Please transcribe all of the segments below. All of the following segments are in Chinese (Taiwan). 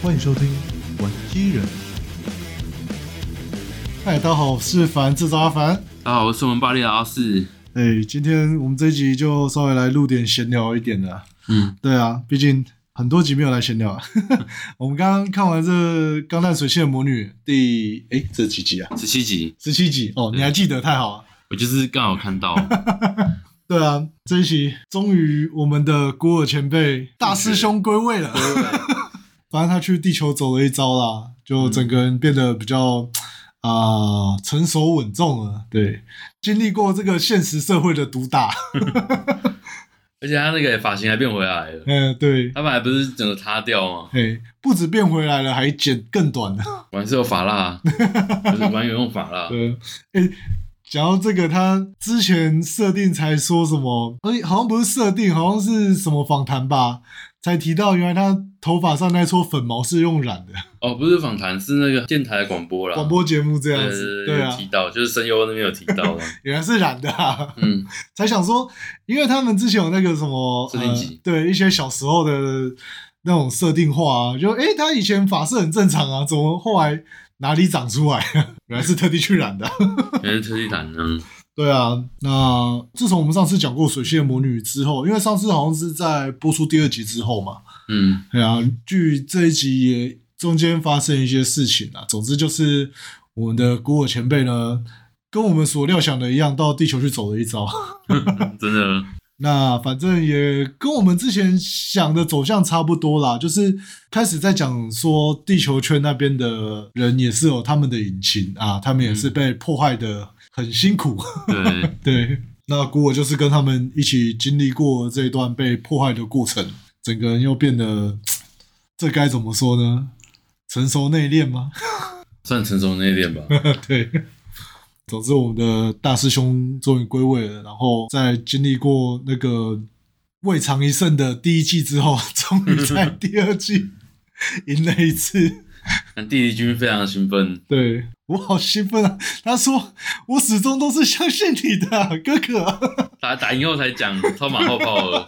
歡迎收聽《玩機人》。嗨，大家好，我是凡製造阿凡。大家好，我是我們巴黎的阿士。哎，今天我們這一集就稍微來錄點閒聊一點的。嗯，對啊，畢竟很多集沒有來閒聊、啊。 我們剛剛看完這《鋼彈水星的魔女》第哎，這是幾集啊？十七集。十七集哦，你還記得？太好了，我就是剛好看到。 對啊，這一集終於我們的古爾前輩大師兄歸位了。謝謝 反正他去地球走了一遭啦，就整個人變得比較啊、嗯呃、成熟穩重了。對，經歷過這個現實社會的毒打，而且他那個髮型還變回來了。嗯、欸，對，他本來還不是整個塌掉嗎？嘿、欸，不止變回來了，還剪更短了。玩是有髮蠟，玩 有用髮蠟。對，誒、欸、講到這個，他之前設定才說什麼？哎、欸，好像不是設定，好像是什麼訪談吧？才提到，原來他頭髮上那一撮粉毛是用染的哦，不是訪談，是那個電台的廣播啦，廣播節目這樣子，對，對，對，對啊，提到就是聲優那邊有提到嗎？就是、到 原來是染的、啊，嗯，才想說，因為他們之前有那個什麼、呃、對一些小時候的那種設定畫、啊，就哎、欸，他以前髮色很正常啊，怎麼後來哪裡長出來？ 原來是特地去染的、啊，原來是特地染的、啊。對啊，那自從我們上次講過水星魔女之後，因為上次好像是在播出第二集之後嘛，嗯，對啊，據這一集也中間發生一些事情啊，總之就是我們的古爾前輩呢，跟我們所料想的一樣，到地球去走了一遭，真的。 那反正也跟我們之前想的走向差不多啦，就是開始在講說地球圈那邊的人也是有他們的隱情啊，他們也是被破壞的、嗯。很辛苦對，對 對，那古爾就是跟他們一起經歷過這一段被迫害的過程，整個人又變得，這該怎麼說呢？成熟內斂嗎？算成熟內斂吧。 對，總之我們的大師兄終於歸位了，然後在經歷過那個未嘗一勝的第一季之後，終於在第二季贏 了一次。弟弟軍非常興奮。 對。我好興奮啊！他說：“我始終都是相信你的、啊，哥哥。打”打打贏後才講超馬後炮了。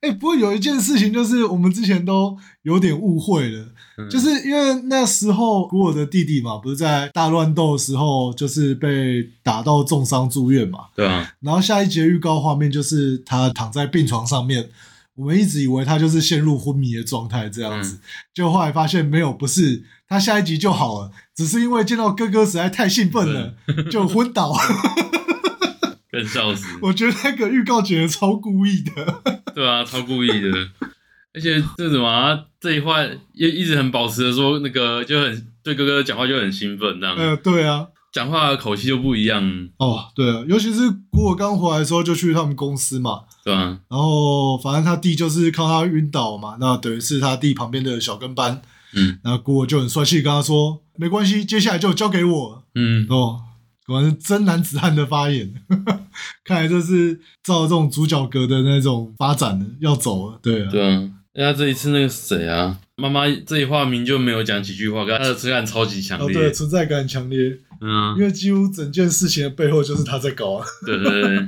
哎、 欸，不過有一件事情就是，我們之前都有點誤會了，嗯、就是因為那時候古爾的弟弟嘛，不是在大亂鬥的時候就是被打到重傷住院嘛。對、嗯、啊。然後下一集預告畫面就是他躺在病床上面，我們一直以為他就是陷入昏迷的狀態這樣子，嗯、就後來發現沒有，不是。他下一集就好了，只是因為見到哥哥實在太興奮了，就昏倒。哈哈哈哈哈，更笑死 。我覺得那個預告簡直超故意的。對啊，超故意的。 而且這什麼、啊、這一塊也一直很保持的說，那個就很對哥哥講話就很興奮那樣、呃。對啊，講話的口氣就不一樣。哦，對啊，尤其是古爾剛回來的時候就去他們公司嘛。對啊。然後反正他弟就是靠他暈倒嘛，那等於是他弟旁邊的小跟班。嗯，那姑我就很帥氣，跟他說：“沒關係，接下來就交給我。”嗯哦，果然是真男子漢的發言。呵呵，看來這是照這種主角格的那種發展要走了。對、啊、對、啊，那這一次那個是誰啊，媽媽這一話明就沒有講幾句話，跟他的存在感超級強烈、哦。對，存在感強烈。嗯、啊，因為幾乎整件事情的背後就是他在搞啊。 對對對，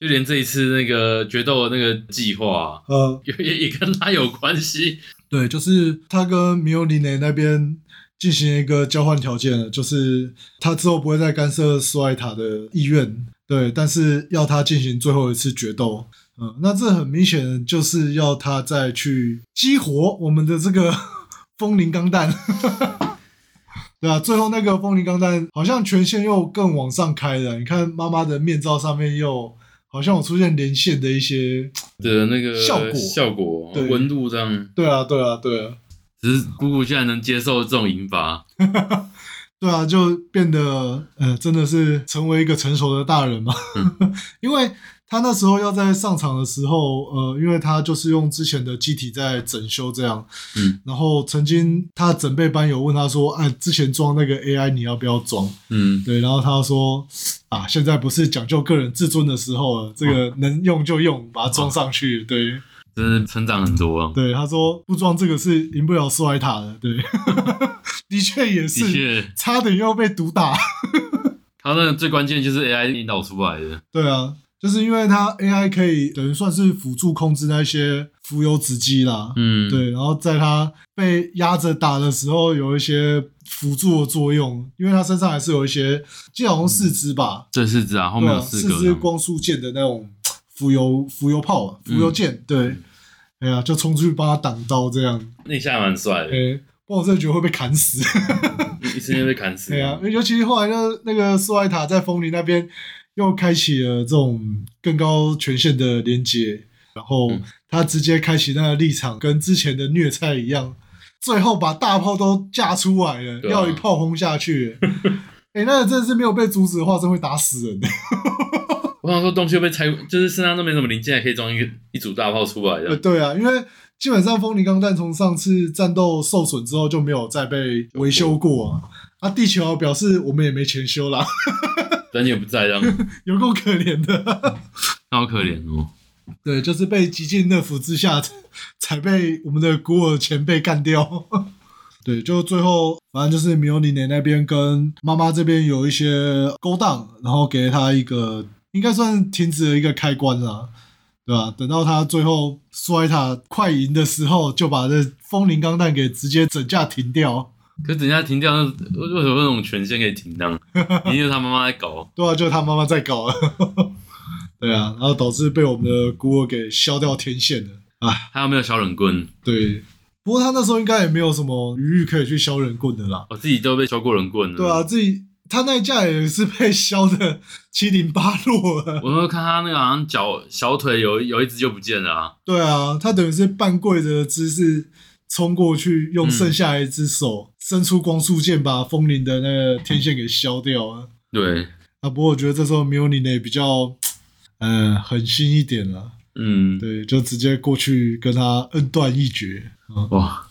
就連這一次那個決鬥的那個計劃，啊、嗯，也也跟他有關係。對，就是他跟米奧琳涅那邊進行一個交換條件了，就是他之後不會再干涉斯萊塔的意願，對，但是要他進行最後一次決鬥，嗯，那這很明顯就是要他再去激活我們的這個風靈鋼彈， 對啊，最後那個風靈鋼彈好像權限又更往上開了，你看媽媽的面罩上面又。好像我出現連線的一些的那個效果，效果對，溫度這樣。對啊，對啊，對啊。只是姑姑現在能接受這種引發。 對啊，就變得呃，真的是成為一個成熟的大人嘛。嗯、 因為。他那時候要在上場的時候，呃，因為他就是用之前的機體在整修這樣，嗯，然後曾經他整備班有問他說：“哎、啊，之前裝那個 AI，你要不要裝？”嗯，對，然後他說：“啊，現在不是講究個人自尊的時候了，這個能用就用，啊，把它裝上去。啊”對，真是成長很多，啊。對，他說不裝這個是贏不了斯萊塔的。對，嗯、 的確也是確，差點又被毒打。 他那個最關鍵就是 AI 引導出來的。對啊。就是因為他 AI 可以等於算是輔助控制那些浮游子機啦，嗯，對，然後在它被壓着打的時候，有一些輔助的作用，因為它身上還是有一些，就好像四肢吧，這、嗯、四肢啊，後面、啊、四肢光束劍的那種浮游浮游炮、啊嗯，浮游劍，對，哎呀、啊，就衝出去幫他擋刀這樣，那一下還蠻帥的，欸、不過我真的覺得會被砍死，嗯、 一時間被砍死，對啊，尤其是後來那那個蘇艾塔在風鈴那邊。又開啟了這種更高權限的連接，然後他直接開啟那個立場、嗯，跟之前的虐菜一樣，最後把大炮都架出來了，啊、要一炮轟下去。哎、 欸，那真的是沒有被阻止的話，真會打死人的。 我想說東西又被拆，就是身上都沒什麼零件，可以裝一個一組大炮出來的對。對啊，因為基本上風靈鋼彈從上次戰鬥受損之後就沒有再被維修過啊、嗯，啊，地球表示我們也沒錢修啦 但你也不在，這樣 有夠可憐的 、嗯，好可憐哦。對，就是被極盡熱撫之下，才被我們的古爾前輩幹掉。 對，就最後反正就是米奧琳涅那邊跟媽媽這邊有一些勾當，然後給了他一個應該算停止了一個開關了，對吧、啊？等到他最後摔塔快贏的時候，就把這風靈鋼彈給直接整架停掉。可是等一下停掉，那為什麼那種權限可以停呢？ 因為他媽媽在搞。對啊，就他媽媽在搞了。 對啊，然後導致被我們的孤兒給削掉天線了。啊，還有沒有削人棍？對，嗯、不過他那時候應該也沒有什麼餘裕可以去削人棍的啦。我、哦、自己都被削過人棍了。對啊，自己他那一架也是被削的七零八落了。我有，有看他那個好像腳小腿有有一隻就不見了、啊。對啊，他等於是半跪著的姿勢。衝過去，用剩下一隻手，嗯、伸出光速劍，把風鈴的那個天線給削掉了，啊。對，啊，不過我覺得這時候沒有你 l e 比較，嗯，呃，狠心一點了。嗯，對，就直接過去跟他恩斷義絕，嗯。哇。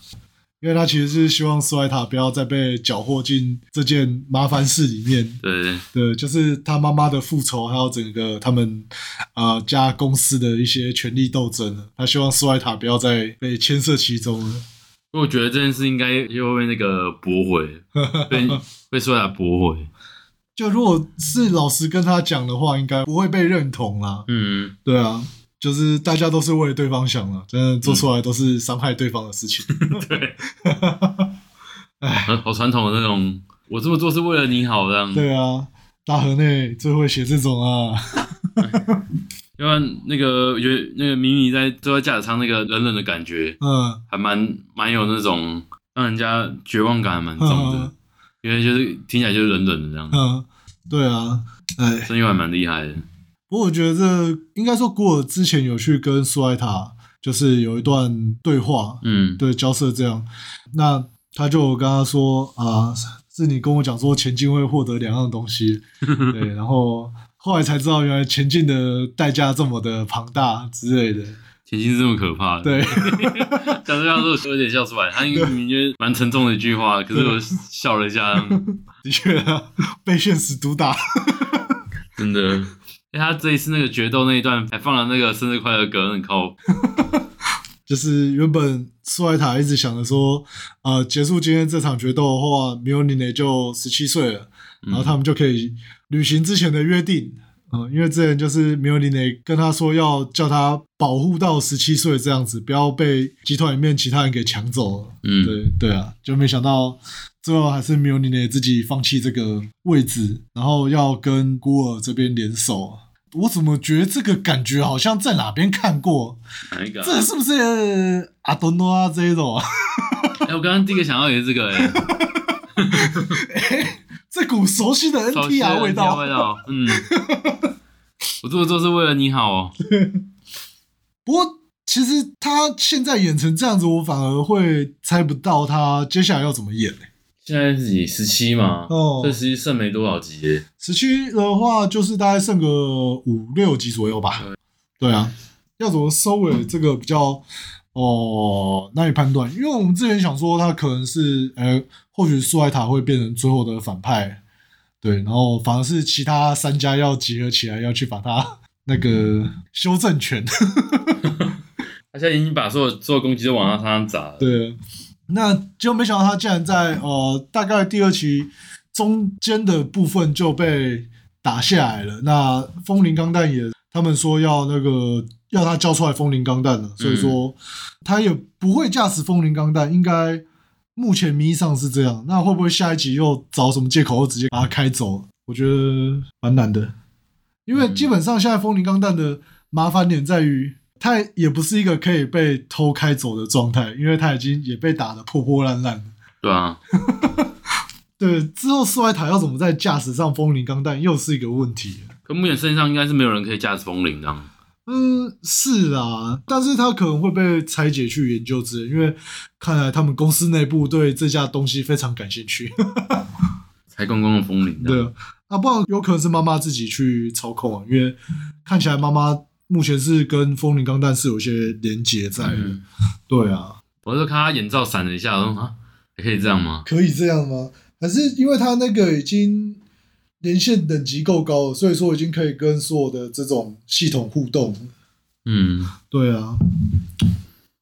因為他其實是希望斯萊塔不要再被攪和進這件麻煩事裡面。對，對對，就是他媽媽的復仇，還有整個他們啊、呃、家公司的一些權力鬥爭。他希望斯萊塔不要再被牽涉其中了。因為我覺得這件事應該又會被那個駁回， 被被斯萊塔駁回。就如果是老實跟他講的話，應該不會被認同啦。嗯，對啊。就是大家都是為了對方想了，啊，真的做出來都是傷害對方的事情。嗯、 對， 唉啊，好傳統的那種，我這麼做是為了你好這樣子。對啊，大河內最會寫這種啊。要不然那個，我覺得那個迷你在坐在駕駛艙那個冷冷的感覺，嗯，還蠻蠻有那種讓人家絕望感還蠻重的，嗯啊，因為就是聽起來就是冷冷的這樣。嗯，對啊，哎，聲音還蠻厲害的。不過我覺得這應該說古爾之前有去跟蘇萊塔，就是有一段對話，嗯，對，交涉這樣。那他就跟他說啊，是你跟我講說前進會獲得兩樣東西， 對，然後後來才知道原來前進的代價這麼的龐大之類的，前進是這麼可怕的。對，講到這我有點笑出來，他一個蠻沉重的一句話，可是我笑了一下，嗯、的確、啊、被現實毒打 ，真的。為、欸、他這一次那個決鬥那一段還放了那個生日快樂歌，很扣。就是原本蘇萊塔一直想着說，呃，結束今天這場決鬥的話，米歐琳內就十七歲了，然後他們就可以履行之前的約定，嗯，呃、因為之前就是米歐琳內跟他說要叫他保護到十七歲這樣子，不要被集團裡面其他人給搶走了。嗯，對對啊，就沒想到。最後還是米奧琳涅自己放棄這個位置，然後要跟古爾這邊聯手。我怎麼覺得這個感覺好像在哪邊看過個？這是不是阿多諾啊這一種？哎、欸，我剛剛第一個想到也是這個哎、欸欸。這股熟悉的 NTR 味道。嗯。我這麼做是為了你好哦、喔。不過其實他現在演成這樣子，我反而會猜不到他接下來要怎麼演。現在自己十七嘛，哦，這十七剩沒多少集。十七的話，就是大概剩個五六集左右吧，對。對啊，要怎麼收尾？這個比較哦、嗯呃，難以判斷。因為我們之前想說，他可能是，呃、欸，或許蘇蕾塔會變成最後的反派，對。然後反而是其他三家要集合起來，要去把他那個修正權。呵呵 他現在已經把所有所有攻擊都往他身上砸了。對。那就沒想到他竟然在，呃，大概第二期中間的部分就被打下來了。那風鈴鋼彈也，他們說要那個要他交出來風鈴鋼彈了，所以說他也不會駕駛風鈴鋼彈，應該目前名義上是這樣。那會不會下一集又找什麼借口，又直接把他開走？我覺得蠻難的，因為基本上現在風鈴鋼彈的麻煩點在於。他也不是一個可以被偷開走的狀態，因為他已經也被打得破破爛爛了。對啊， 對，之後蘇萊塔要怎麼在駕駛上風靈鋼彈又是一個問題。可目前世界上應該是沒有人可以駕駛風靈這樣。嗯，是啊，但是他可能會被拆解去研究之類，因為看來他們公司內部對這架東西非常感興趣。 拆光光的風靈。對啊，啊，不然有可能是媽媽自己去操控啊，因為看起來媽媽。目前是跟風靈鋼彈是有些連接在的，嗯，對啊，我就看他眼罩閃了一下，我說啊，可以這樣嗎？可以這樣嗎？還是因為他那個已經連線等級夠高，所以說已經可以跟所有的這種系統互動。嗯，對啊，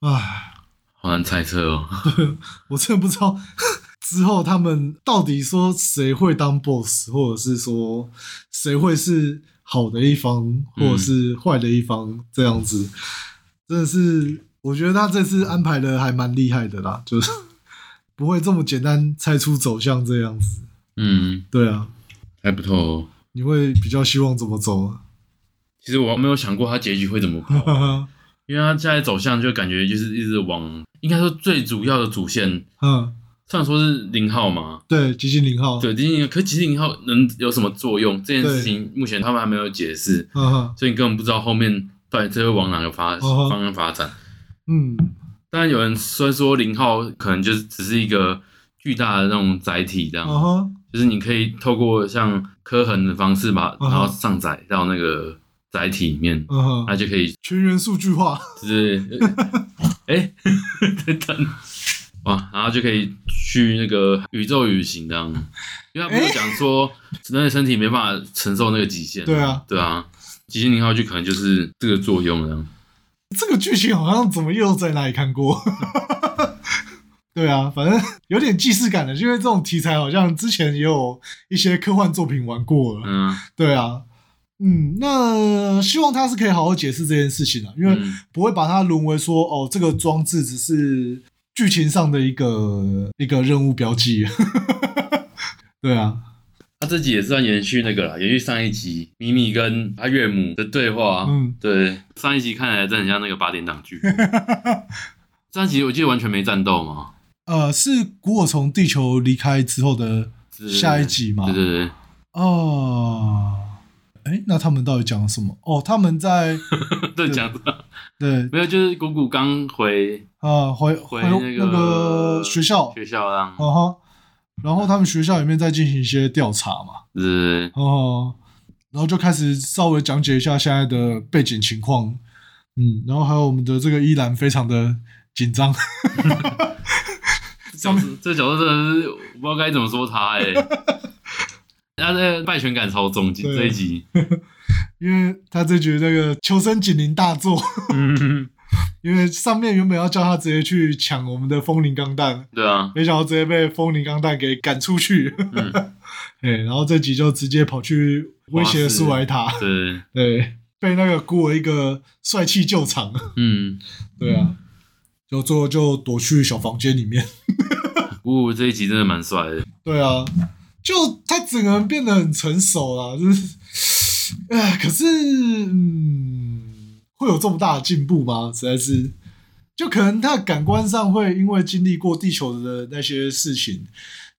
唉，好難猜測哦 我真的不知道 之後他們到底說誰會當 boss，或者是說誰會是。好的一方，或者是壞的一方、嗯，這樣子，真的是，我覺得他這次安排的還蠻厲害的啦，就是 不會這麼簡單猜出走向這樣子。嗯，對啊，猜不透、喔。你會比較希望怎麼走？其實我沒有想過他結局會怎麼、啊， 因為他現在走向就感覺就是一直往，應該說最主要的主線，嗯。雖然說是零號嘛，對，寂靜零號，對，寂靜零號，可寂靜零號能有什麼作用？這件事情目前他們還沒有解釋，uh -huh. 所以你根本不知道後面到底這會往哪個發、uh -huh. 方向發展。嗯，當然有人雖然說零號可能就是只是一個巨大的那種載體，這樣，uh -huh. 就是你可以透過像科痕的方式把、uh -huh. 然後上載到那個載體裡面，uh -huh. 那就可以全員數據化，就是哎， 欸、 在等等。哇，然後就可以去那個宇宙旅行這樣，因為他不是講說人類、欸那個、身體沒辦法承受那個極限，對啊，對啊，極限零號就可能就是這個作用這樣。這個劇情好像怎麼又在哪裡看過？ 對啊，反正有點既視感的，因為這種題材好像之前也有一些科幻作品玩過，嗯、啊，對啊，嗯，那希望他是可以好好解釋這件事情的、啊，因為不會把它淪為說、嗯、哦，這個裝置只是。劇情上的一個一個任務標記， 對啊，他自己也算延續那個了，延續上一集米米跟他岳母的對話，嗯，對，上一集看起來真的很像那個八點檔劇，上 集我記得完全沒戰鬥嘛，呃，是古爾從地球離開之後的下一集嗎？對對對，哦。哎，那他們到底講了什麼？哦，他們在 對講什麼對，沒有，就是谷谷剛回啊，回回那個學校，學校啊，然、嗯、後，然後他們學校裡面在進行一些調查嘛，是，是，是、嗯，然後就開始稍微講解一下現在的背景情況，嗯，然後還有我們的這個依蘭非常的緊張 這角色真的是我不知道該怎麼說他哎、欸。 他、啊、這敗犬感超重，這這一集呵呵，因為他這局那個求生警鈴大作、嗯，因為上面原本要叫他直接去搶我們的風靈鋼彈，對啊，沒想到直接被風靈鋼彈給趕出去，哎、嗯欸，然後這集就直接跑去威脅蘇萊塔，對對，被那個古爾一個帥氣救場，嗯，對啊，就最後就躲去小房間裡面，嗚、嗯，這一集真的蠻帥的，對啊。就他整個人變得很成熟了，就是，哎，可是，嗯，會有這麼大的進步嗎？實在是，就可能他感官上會因為經歷過地球的那些事情，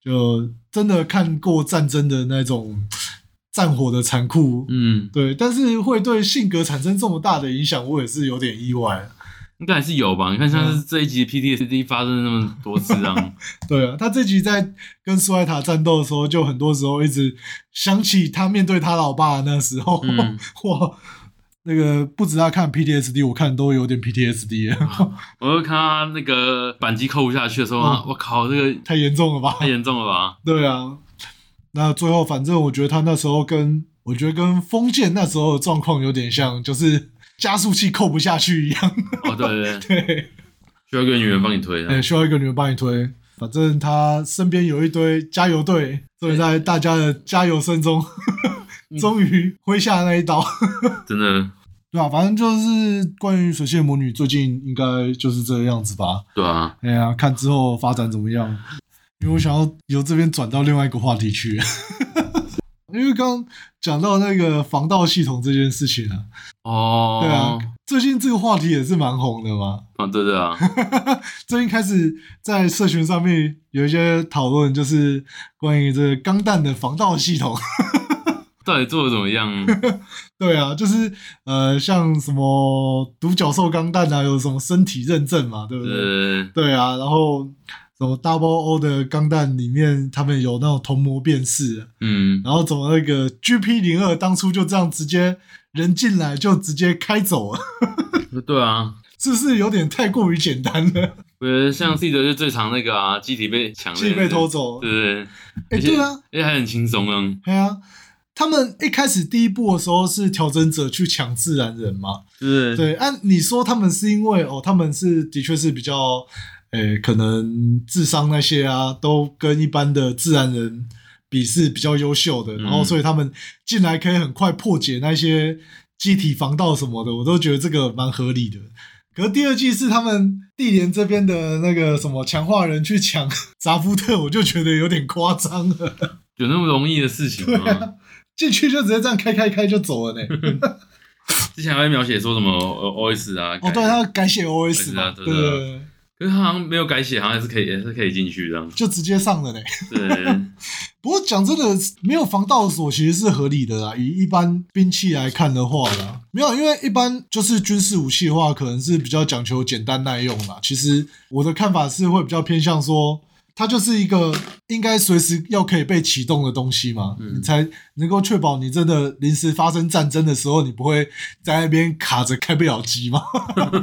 就真的看過戰爭的那種戰火的殘酷，嗯，對。但是會對性格產生這麼大的影響，我也是有點意外。應該還是有吧？你看，像是這一集 PTSD 發生那麼多次啊。 對啊，他這集在跟蘇萊塔戰鬥的時候，就很多時候一直想起他面對他老爸那時候。嗯、哇，那個不止他看 PTSD，我看都有點 PTSD。我就看他那個板機扣不下去的時候，我靠，這個太嚴重了吧？太嚴重了吧？對啊。那最後，反正我覺得他那時候跟我覺得跟封建那時候的狀況有點像，就是。加速器扣不下去一樣、oh。哦，對對對，需要一個女人幫你推，啊嗯。需要一個女人幫你推。反正她身邊有一堆加油隊，所以在大家的加油聲中，嗯、終於揮下那一刀。真的，對吧、啊？反正就是關於水星魔女，最近應該就是這個樣子吧。對啊，哎呀、啊，看之後發展怎麼樣？因為我想要由這邊轉到另外一個話題去。因為剛剛講到那個防盜系統這件事情啊，哦，對啊，最近這個話題也是蠻紅的嘛。啊，對對啊， 最近開始在社群上面有一些討論，就是關於這鋼彈的防盜系統 。到底做的怎麼樣啊？ 對啊，就是呃，像什麼獨角獸鋼彈啊，有什麼身體認證嘛，對不對？對,對,對,對,對啊，然後。從 W.O 的鋼彈裡面，他們有那種同模變式，嗯，然後從那個 G.P. 零二，當初就這樣直接人進來就直接開走了，嗯、對啊， 是不是有點太過於簡單了？我覺得像 C 者就最常那個啊，機體被搶人，機體被偷走，對不對？對欸、對啊，而，而還很輕鬆啊、欸。對啊，他們一開始第一步的時候是調整者去搶自然人嘛，對對啊，你說他們是因為哦，他們是的確是比較。欸、可能智商那些啊，都跟一般的自然人比是比較優秀的、嗯，然後所以他們進來可以很快破解那些機體防盜什麼的，我都覺得這個蠻合理的。可是第二季是他們地聯這邊的那個什麼強化人去搶扎夫特，我就覺得有點誇張了，有那麼容易的事情嗎？對啊、進去就直接這樣開開開就走了呢。 之前還在描寫說什麼 OS 啊？哦對啊，對他改寫 OS、啊、對，對，對對。因為他好像沒有改寫，好像還是可以，還是可以進去這樣子，就直接上了嘞、欸。對， 不過講真的，沒有防盜鎖其實是合理的啦。以一般兵器來看的話啦、啊，沒有，因為一般就是軍事武器的話，可能是比較講求簡單耐用嘛。其實我的看法是會比較偏向說，它就是一個應該隨時要可以被啟動的東西嘛，嗯、你才能夠確保你真的臨時發生戰爭的時候，你不會在那邊卡着開不了機嘛。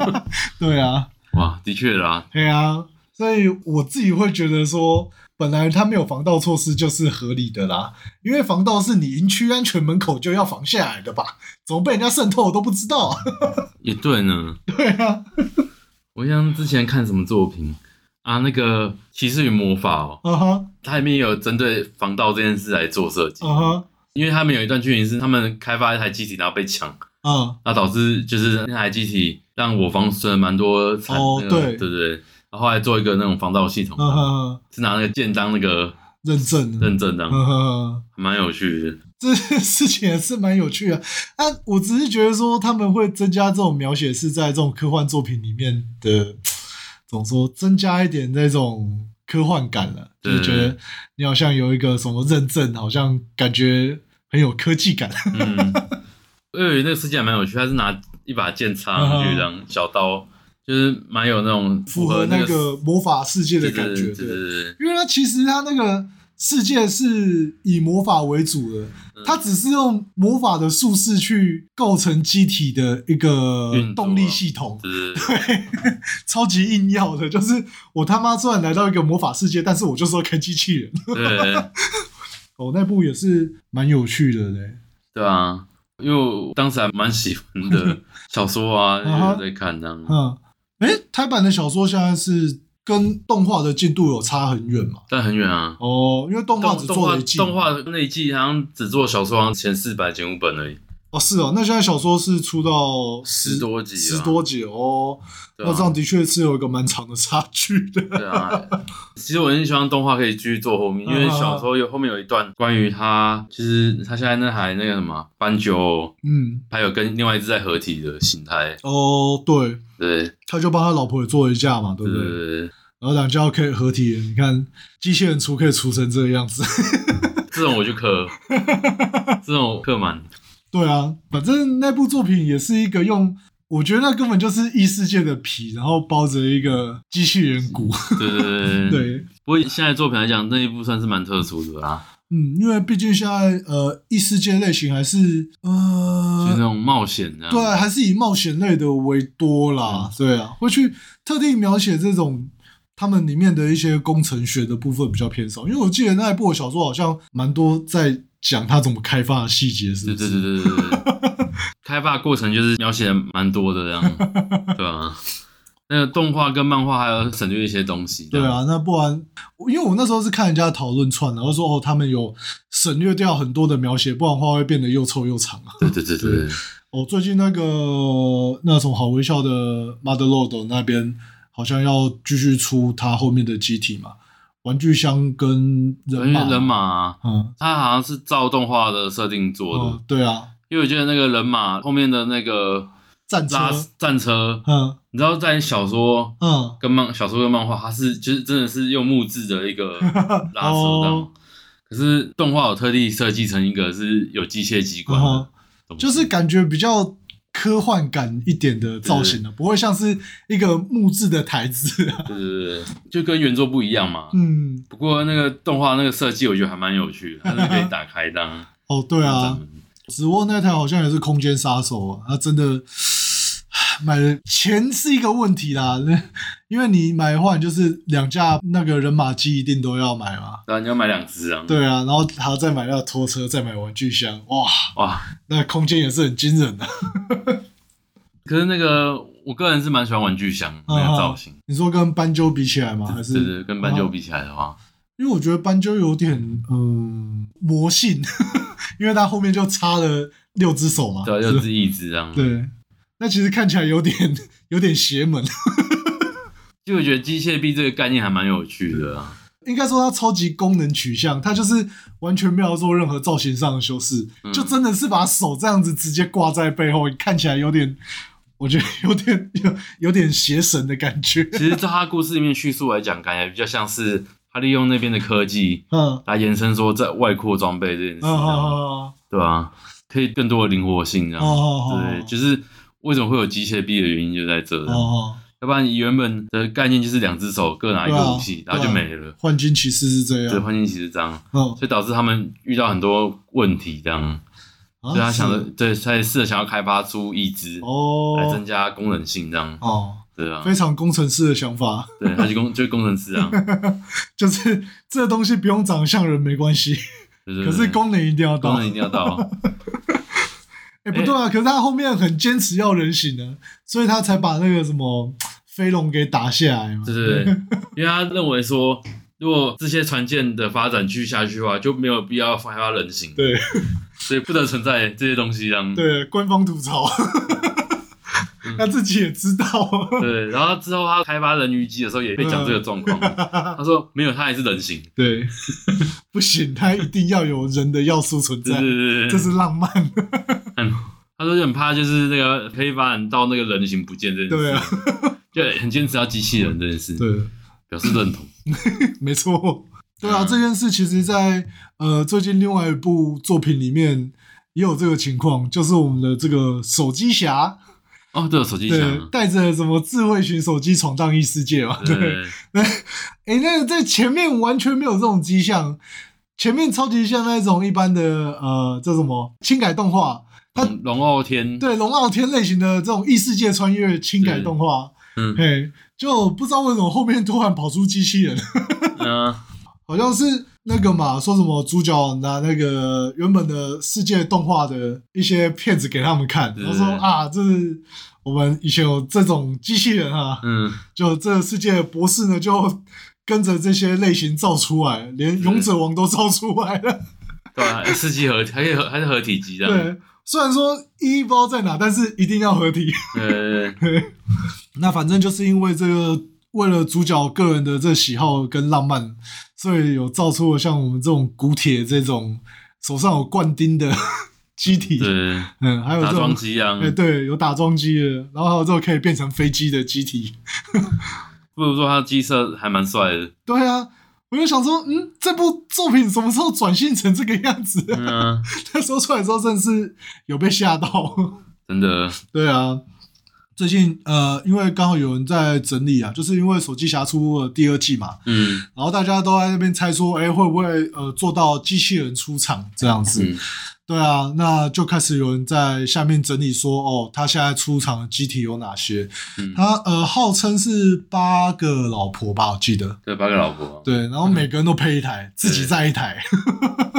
對啊。哇，的確啦、嗯，對啊，所以我自己會覺得說，本來他沒有防盜措施就是合理的啦，因為防盜是你營區安全門口就要防下來的吧？怎麼被人家滲透我都不知道、啊？ 也對呢，對啊， 我像之前看什麼作品啊，那個《騎士與魔法》哦，嗯哼，他裡面也有針對防盜這件事來做設計，嗯哼，因為他們有一段劇情是他們開發一台機體然後被搶，嗯，那導致就是那台機體。但我方存蠻多哦，oh,，對對對，然後還做一個那種防盜系統，啊，uh -huh. 是拿那個劍當那個認證，啊，認證的，蠻有趣的，嗯，這事情也是蠻有趣的。啊，我只是覺得說他們會增加這種描寫，是在這種科幻作品裡面的，總說增加一點那種科幻感了，就是，覺得你好像有一個什麼認證，好像感覺很有科技感。嗯，嗯， 那個事情還蠻有趣的，他是拿。一把劍插進去，一小刀、嗯、就是蠻有那種符合、那個、符合那個魔法世界的感覺。就是就是、對，因為它其實它那個世界是以魔法為主的，它只是用魔法的術式去構成機體的一個動力系統、嗯嗯嗯嗯對。對，超級硬要的，就是我他媽雖然來到一個魔法世界，但是我就是要開機器人。 哦，那部也是蠻有趣的嘞、欸。對啊，因為我當時還蠻喜歡的。呵呵小說啊，啊也在看，這樣。嗯、啊，哎、欸，台版的小說現在是跟動畫的進度有差很遠嘛？但很遠啊。哦，因為動畫只做了一季，動畫那一季好像只做小說好像前四百減五本而已。哦是哦、啊，那現在小說是出到十多集，十多集，十多集哦、啊，那這樣的確是有一個蠻長的差距的。對啊， 其實我很希望動畫可以繼續做後面，因為小說有後面有一段關於他，其、嗯、實、就是、他現在那還那個什麼斑鳩，嗯，還有跟另外一隻在合體的形態。哦，對對，他就幫他老婆也做一架嘛，對不對？然後兩架可以合體，你看機器人出可以出成這個樣子， 這種我就磕， 這種磕滿。對啊，反正那部作品也是一個用，我覺得那根本就是異世界的皮，然後包着一個機器人骨。嗯、對對對。 對，不過以現在作品來講，那一部算是蠻特殊的啦、啊。嗯，因為畢竟現在呃異世界類型還是呃，那種冒險的。對、啊，還是以冒險類的為多啦。嗯、對啊，會去特定描寫這種。他們裡面的一些工程學的部分比較偏少，因為我記得那一部小說好像蠻多在講他怎麼開發的細節，是不是？對對對對對 開發過程就是描寫蠻多的這樣， 對吧、啊？那個動畫跟漫畫還有省略一些東西，對啊，那不然，因為我那時候是看人家討論串，然後說哦，他們有省略掉很多的描寫，不然話會變得又臭又長啊。對對對對,對,對,對，哦，最近那個那從好微笑的 Mother Lord 那邊。好像要繼續出它後面的機體嘛，玩具箱跟人馬人馬、啊，嗯，它好像是照動畫的設定做的、嗯，對啊，因為我覺得那個人馬後面的那個戰車戰車，嗯，你知道在小說，嗯，跟漫小說跟漫畫，它是就是真的是用木質的一個拉車檔， oh. 可是動畫我特地設計成一個是有機械機關、嗯嗯、就是感覺比較。科幻感一點的造型，不會像是一個木質的台子是，對對對，就跟原作不一樣嘛。嗯，不過那個動畫那個設計我覺得還蠻有趣的，它是可以打開的。 哦，對啊，紫沃那台好像也是空間殺手啊，它真的。買了錢是一個問題啦，那因為你買的話，就是兩架那個人馬機一定都要買嘛，然、啊、你要買兩隻啊，對啊，然後他再買那個拖車，再買玩具箱，哇哇，那個、空間也是很驚人的。 可是那個我個人是蠻喜歡玩具箱、啊、那個造型，你說跟斑鳩比起來嗎？還是對對對，跟斑鳩比起來的話，啊、因為我覺得斑鳩有點嗯魔性， 因為它後面就插了六隻手嘛，對，六隻一隻這樣，對。那其實看起來有點有點邪門 ，就我覺得機械臂這個概念還蠻有趣的啊。應該說它超級功能取向，它就是完全沒有做任何造型上的修飾，嗯，就真的是把手這樣子直接掛在背後，看起來有點，我覺得有點有有點邪神的感覺。其實，在他故事裡面敘述來講，感覺比較像是他利用那邊的科技，嗯，來延伸說在外擴裝備這件事情、哦哦哦，對吧、啊？可以更多的靈活性這樣、哦哦、對、哦，就是。為什麼會有機械臂的原因就在這裡、哦哦，要不然你原本的概念就是兩隻手各拿一個武器，啊、然後就沒了。啊、幻軍騎士是這樣，對，幻軍騎士是這樣、哦，所以導致他們遇到很多問題這樣，啊、所以他想着，對，他也試着想要開發出一隻，哦，來增加功能性這樣，哦，哦對啊，非常工程師的想法，對，他就工就是工程師啊， 就是這東西不用長得像人沒關係，可是功能一定要到，功能一定要到。 哎、欸，不對啊、欸！可是他後面很堅持要人形的、啊，所以他才把那個什麼飛龍給打下來嘛，對不對，對？ 因為他認為說，如果這些船艦的發展繼續下去的話，就沒有必要開發人形，對，所以不得存在這些東西。這樣，對，官方吐槽。 他自己也知道、嗯， 對。然後之後他開發人魚姬的時候，也被講這個狀況。他說沒有，他還是人形。對 ，不行，他一定要有人的要素存在。 這是，這是浪漫、嗯。 嗯、他說很怕就是那個可以發展到那個人形不見這件事。對啊， 就很堅持要機器人這件事。對，表示認同 沒錯，對啊，這件事其實在呃最近另外一部作品裡面也有這個情況，就是我們的這個手機俠。哦都有，啊，對，手機帶着什麼智慧型手機闖蕩異世界嘛？對，對，對，對，對，哎，欸，那個、在前面完全沒有這種跡象，前面超級像那種一般的呃，叫什麼輕改動畫，龍傲，嗯、天對龍傲天類型的這種異世界穿越輕改動畫，嗯，嘿，就不知道為什麼後面突然跑出機器人，嗯、 好像是。那個嘛，說什麼主角拿那個原本的世界動畫的一些片子給他們看，然後說啊，這是我們以前有這種機器人啊，嗯，就這世界博士呢，就跟着這些類型造出來，連勇者王都造出來了，對， 對、啊，四機合，還是還是合體機啊對，雖然說意義不知道在哪，但是一定要合體。呃， 那反正就是因為這個，為了主角個人的這個喜好跟浪漫。所以有造出了像我們這種古鐵這種手上有灌釘的機體，對，嗯，還有這種打樁機啊，欸、對，有打樁機的，然後還有這種可以變成飛機的機體， 不如說它的機車還蠻帥的。對啊，我就想說，嗯，這部作品什麼時候轉型成這個樣子、啊？嗯、啊，他說出來之後真的是有被嚇到，真的。對啊。最近呃，因為剛好有人在整理啊，就是因為手機俠出了第二季嘛，嗯，然後大家都在那邊猜說，哎，會不會呃做到機器人出場這樣子、嗯？對啊，那就開始有人在下面整理說，哦，他現在出場的機體有哪些？嗯，他呃號稱是八個老婆吧，我記得。對，八個老婆。對，然後每個人都配一台，嗯、自己在一台，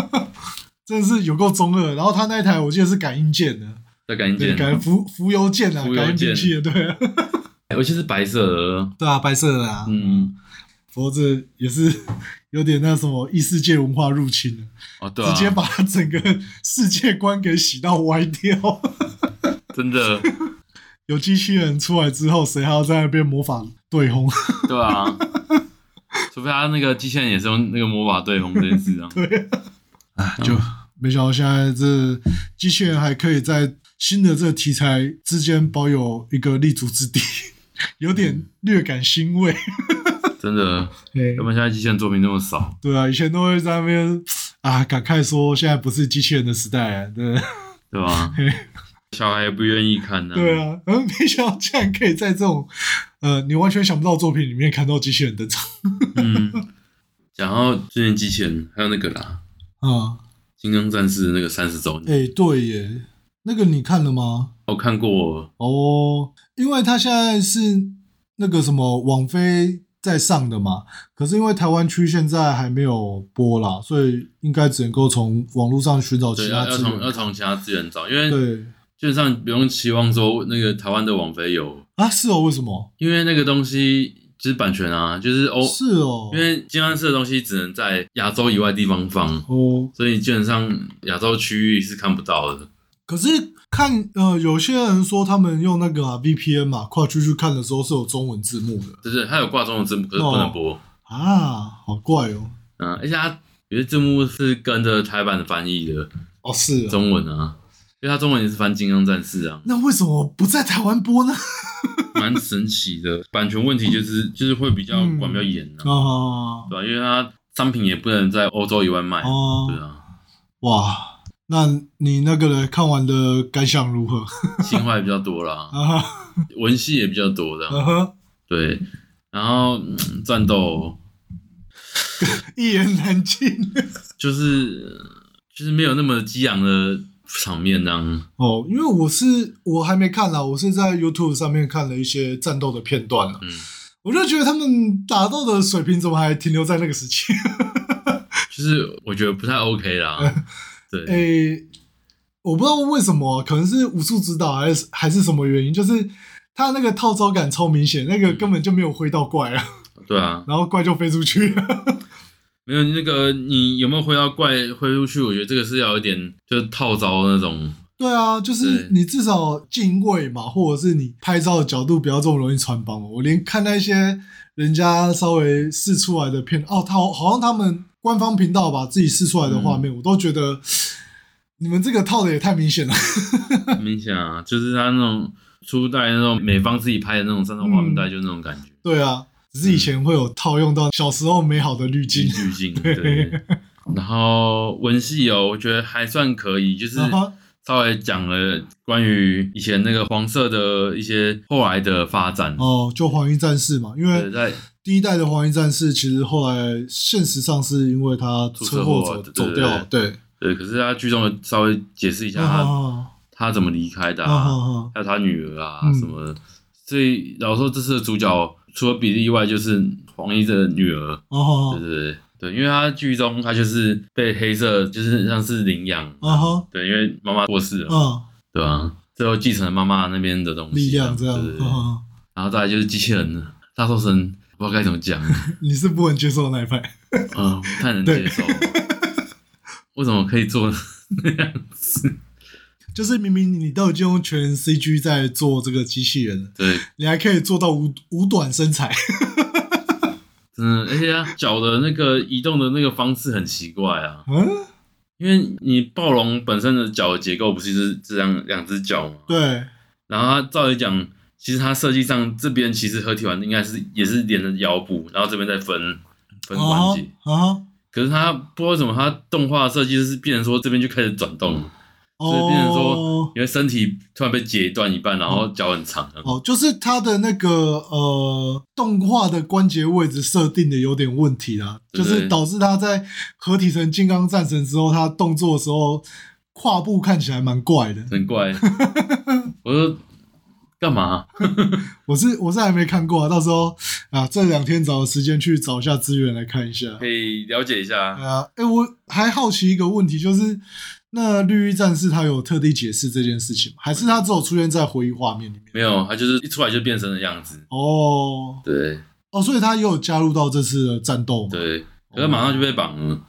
真的是有夠中二。然後他那一台我記得是感應鍵的。在改劍，改浮浮游劍啊，改武器的，對、啊欸，尤其是白色對啊，白色的、啊，嗯，佛子也是有點那什麼異世界文化入侵哦，對啊，直接把整個世界觀給洗到歪掉，真的，有機器人出來之後，誰還要在那邊魔法對轟？對啊， 除非他那個機器人也是用那個魔法對轟這件事啊，對啊，哎，就、嗯、沒想到現在這機器人還可以在。新的這個題材之間保有一個立足之地，有點略感欣慰、嗯。 真的，不、欸、們現在機器人作品那麼少。對啊，以前都會在那邊啊感慨說，現在不是機器人的時代、啊對，對吧、欸？小孩也不願意看呢、啊。對啊，嗯，沒想到竟然可以在這種呃你完全想不到的作品裡面看到機器人的。 嗯，然後最近機器人還有那個啦，啊，金剛戰士那個三十周年。哎、欸，對耶。那個你看了嗎？我看過了哦，因為他現在是那個什麼網飛在上的嘛，可是因為台灣區現在還沒有播啦，所以應該只能夠從網絡上尋找其他資源，啊，要從要從其他資源找，因為對，基本上不用期望說那個台灣的網飛有啊，是哦，為什麼？因為那個東西就是版權啊，就是哦，是哦，因為金剛社的東西只能在亞洲以外地方放哦，所以基本上亞洲區域是看不到的。可是看呃，有些人說他們用那個、啊、VPN 嘛，跨區去看的時候是有中文字幕的，就是他有掛中文字幕，可是不能播、哦、啊，好怪哦。嗯，而且他有些字幕是跟着台版翻譯的翻譯的哦，是中文啊，哦、啊因為他中文也是翻《金剛戰士》啊。那為什麼不在台灣播呢？蠻 神奇的，版權問題就是就是會比較管、嗯、比較嚴呢啊，哦哦哦、對吧？因為他商品也不能在歐洲以外賣啊、哦，對啊，哇。那你那個呢，看完的感想如何？情 懷比較多了，uh -huh. 文戲也比較多的。嗯、uh -huh. 對，然後、嗯、戰鬥 一言難盡 ，就是就是沒有那麼激昂的場面呢。哦、oh,，因為我是我還沒看啦，我是在 YouTube 上面看了一些戰鬥的片段啦，嗯，我就覺得他們打鬥的水平怎麼還停留在那個時期？ 就是我覺得不太 OK 啦。 誒、欸，我不知道為什麼、啊，可能是武術指導還是還是什麼原因，就是他那個套招感超明顯，那個根本就沒有揮到怪啊、嗯。對啊，然後怪就飛出去了。沒有那個，你有沒有揮到怪揮出去？我覺得這個是要有一點就是套招那種。對啊，就是你至少近位嘛，或者是你拍照的角度不要這麼容易穿幫。我連看那些人家稍微試出來的片，哦，他好好像他們。官方頻道把自己試出來的畫面、嗯，我都覺得你們這個套的也太明顯了。 明顯啊，就是他那種初代，那種美方自己拍的那種戰鬥畫面，就是那種感覺、嗯。對啊，只是以前會有套用到小時候美好的濾鏡。濾鏡。對。對 然後文戲有、喔，我覺得還算可以，就是、啊。稍微講了關於以前那個黃色的一些後來的發展哦，就黃衣戰士嘛，因為第一代的黃衣戰士，其實後來現實上是因為他車禍走，走，走掉，對對，可是他劇中稍微解釋一下他，啊好啊好他怎麼離開的啊，啊，啊，還有他女兒啊、嗯、什麼的，所以老說這次的主角除了比利外，就是黃衣的女兒，就、啊、是、啊。對對對對，因為他劇中他就是被黑色，就是很像是領養，uh -huh. 對，因為媽媽過世了，uh -huh. 對啊，最後繼承了媽媽那邊的東西，力量這樣，對對對 uh -huh. 然後再來就是機器人了，大獸神不知道該怎麼講， 你是不能接受的那一派，啊、 呃，太能接受，為什 麼可以做那樣子？就是明明你都已經用全 CG 在做這個機器人了，對，你還可以做到五五短身材。 嗯，而且它腳的那個移動的那個方式很奇怪啊。嗯，因為你暴龍本身的腳的結構不是是這樣兩隻腳嘛。對。然後他照理講，其實它設計上這邊其實合體完應該是也是連着腰部，然後這邊再分分關節啊。可是它不知道為什麼，它動畫設計就是變成說這邊就開始轉動了。所以變成說，你的身體突然被截斷一半，然後腳很長。哦，就是他的那個呃，動畫的關節位置設定的有點問題啦，對對對，就是導致他在合體成金剛戰神之後，他動作的時候，跨步看起來蠻怪的，很怪。 我說幹嘛？ 我是我是還沒看過啊，到時候啊這兩天找個時間去找一下資源來看一下，可以了解一下啊。啊，哎、欸，我還好奇一個問題就是。那綠衣戰士他有特地解釋這件事情嗎？還是他只有出現在回憶畫面裡面？沒有，他就是一出來就變身的樣子。哦，對，哦，所以他也有加入到這次的戰鬥。對，可是馬上就被綁了。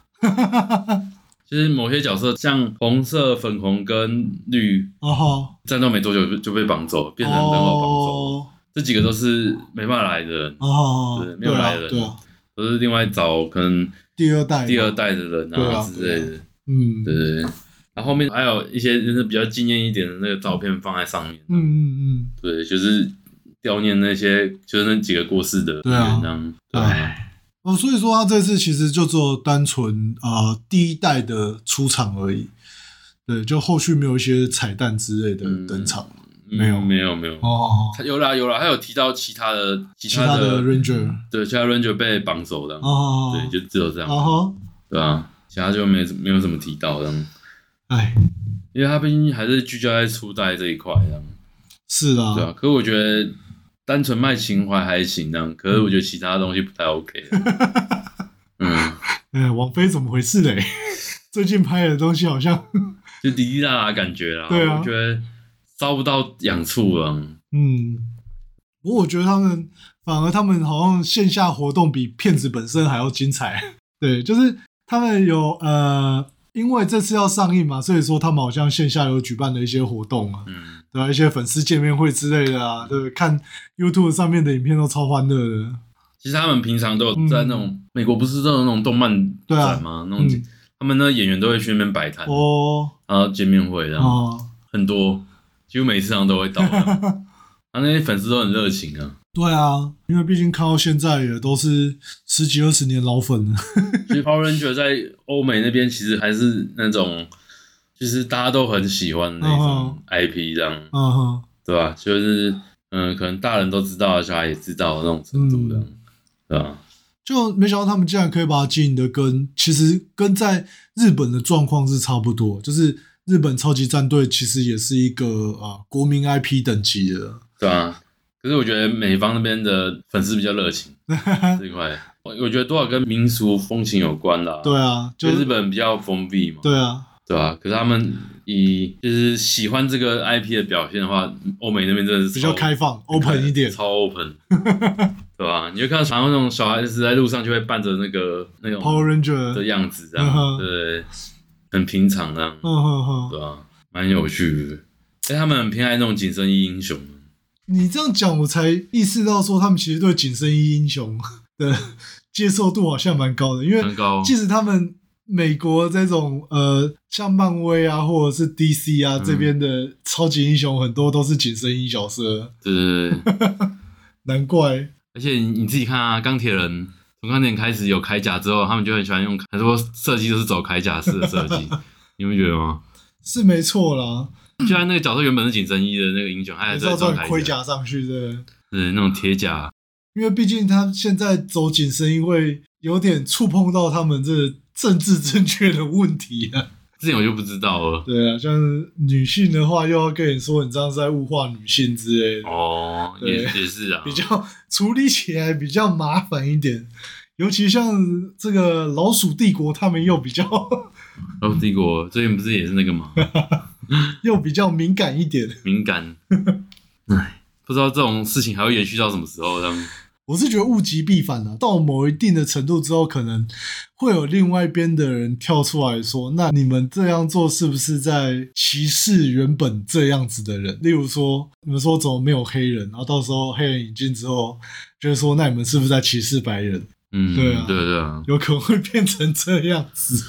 其 實某些角色像紅色、粉紅跟綠，哦、戰鬥沒多久就被綁走，變成人偶綁走、哦。這幾個都是沒辦法來的人，哦，對，沒有來的人、哦，對都、啊啊就是另外找可能第二代、第二代的人啊之類的、啊啊，嗯，對。然、啊、後後面還有一些就是比較紀念一點的那個照片放在上面。嗯嗯嗯，對，就是悼念那些就是那幾個過世的人。對啊，對,啊對啊哦，所以說他這次其實就只有單純啊、呃、第一代的出場而已。對，就後續沒有一些彩蛋之類的登場。沒有，沒有，沒有。哦，oh, oh, oh. 他有啦有啦，他有提到其他的其他的,其他的 Ranger。對，其他 Ranger 被綁走的。哦、oh, oh,。Oh. 對，就只有這樣。Oh, oh. 對啊，其他就沒沒有怎麼提到的。哎，因為他畢竟還是聚焦在初代這一塊，是啊，啊可是我覺得單純賣情懷還行，可是我覺得其他東西不太 OK。 嗯，哎、欸，王菲怎麼回事嘞？最近拍的東西好像就滴滴答答感覺啦。對、啊、我覺得招不到養醋了。嗯，不過我覺得他們反而他們好像線下活動比片子本身還要精彩。對，就是他們有呃。因為這次要上映嘛，所以說他們好像線下有舉辦的一些活動啊、嗯，對啊，一些粉絲見面會之類的啊，對不對，看 YouTube 上面的影片都超歡樂的。其實他們平常都有在那種、嗯、美國不是都有那種動漫展嗎？啊、那種、嗯、他們的演員都會去那邊擺攤哦，然後見面會然後、哦、很多，幾乎每次上都會到，他、 啊、那些粉絲都很熱情啊。對啊，因為畢竟看到現在也都是十幾二十年老粉了， 其實 Power Ranger 在歐美那邊其實還是那種，其、就、實、是、大家都很喜歡那種 IP，這樣，嗯、uh -huh.，uh -huh. 對吧、啊？就是嗯，可能大人都知道，小孩也知道那種程度這樣、嗯、對吧、啊、就沒想到他們竟然可以把它經營的跟其實跟在日本的狀況是差不多，就是日本超級戰隊其實也是一個啊國民 IP 等級的，對啊。其實我覺得美方那邊的粉絲比較熱情，這塊我我覺得多少跟民俗風情有關啦、啊。對啊，就日本比較封閉嘛。對啊，對吧、啊？可是他們以就是喜歡這個 IP 的表現的話，歐美那邊真的是比較開放，open 一點，超 open， 對吧、啊？你會看到常常那種小孩子在路上就會扮着那個那種 Power Ranger 的樣子這樣，子這樣子， 對，很平常這樣， 對啊，蠻有趣的。但、欸、他們很偏愛那種緊身衣英雄。你這樣講，我才意識到說，他們其實對緊身衣英雄的接受度好像蠻高的，因為即使他們美國這種呃，像漫威啊，或者是 DC 啊這邊的超級英雄，很多都是緊身衣角色。對對對， 難怪。而且你自己看啊，鋼鐵人從鋼鐵人開始有鎧甲之後，他們就很喜歡用很多設計都是走鎧甲式的設計， 你們覺得嗎？是沒錯啦。就像那個角色原本是緊身衣的那個英雄，還要穿盔甲上去是不是？嗯，那種鐵甲，因為畢竟他現在走緊身衣，會有點觸碰到他們這政治正確的問題啊。這我就不知道了。對啊，像女性的話，又要跟你說你這樣是在物化女性之類的哦，也也是啊，比較處理起來比較麻煩一點，尤其像這個老鼠帝國，他們又比較。然、哦、後帝國最近不是也是那個嗎？ 又比較敏感一點 ，敏感。唉，不知道這種事情還會延續到什麼時候。這樣，我是覺得物極必反啊。到某一定的程度之後，可能會有另外一邊的人跳出來說：“那你們這樣做是不是在歧視原本這樣子的人？”例如說，你們說怎麼沒有黑人，然後到時候黑人引進之後，就是說：“那你們是不是在歧視白人？”嗯，對啊，對，對啊，有可能會變成這樣子。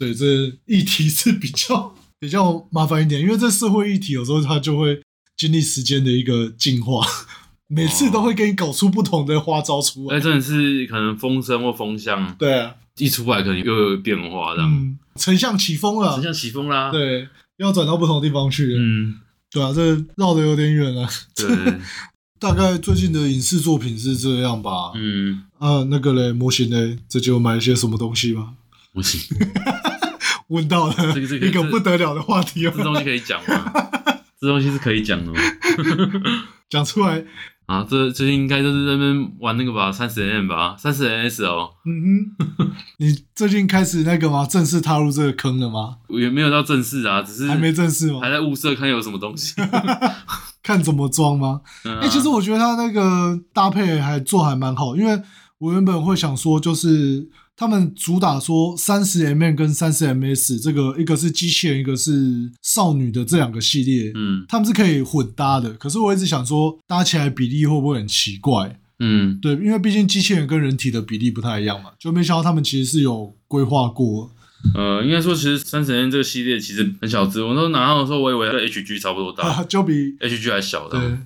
對，這議題是比較比較麻煩一點，因為這社會議題有時候它就會經歷時間的一個進化，哦、每次都會給你搞出不同的花招出來。哎，真的是可能風聲或風向，對啊，一出來可能又有變化這樣。嗯，丞相起風了，啊、丞相起風啦。對，要轉到不同的地方去。嗯，對啊，這繞得有點遠了。對， 大概最近的影視作品是這樣吧。嗯，啊，那個嘞，模型嘞，這就買一些什麼東西吧。不行，問到了，一個不得了的話題哦。這東西可以講嗎？ 這東西是可以講的嗎，講 出來啊。這最近應該就是在那邊玩那個吧，三十 MM 吧，三十 MS 哦。嗯哼，你最近開始那個嗎？正式踏入這個坑了嗎？也沒有到正式啊，只是還沒正式嗎？還在物色看有什麼東西 看怎麼裝嗎？哎、 嗯啊欸，其實我覺得它那個搭配還做還蠻好，因為我原本會想說就是。他們主打說 30MM 跟 30MS 這個一個是機器人，一個是少女的這兩個系列，嗯，他們是可以混搭的。可是我一直想說，搭起來比例會不會很奇怪？嗯，對，因為畢竟機器人跟人體的比例不太一樣嘛，就沒想到他們其實是有規劃過。呃，應該說，其實 30MM 這個系列其實很小只。我那時候拿到的時候，我以為跟 HG 差不多大，啊、就比 HG 還小的，對，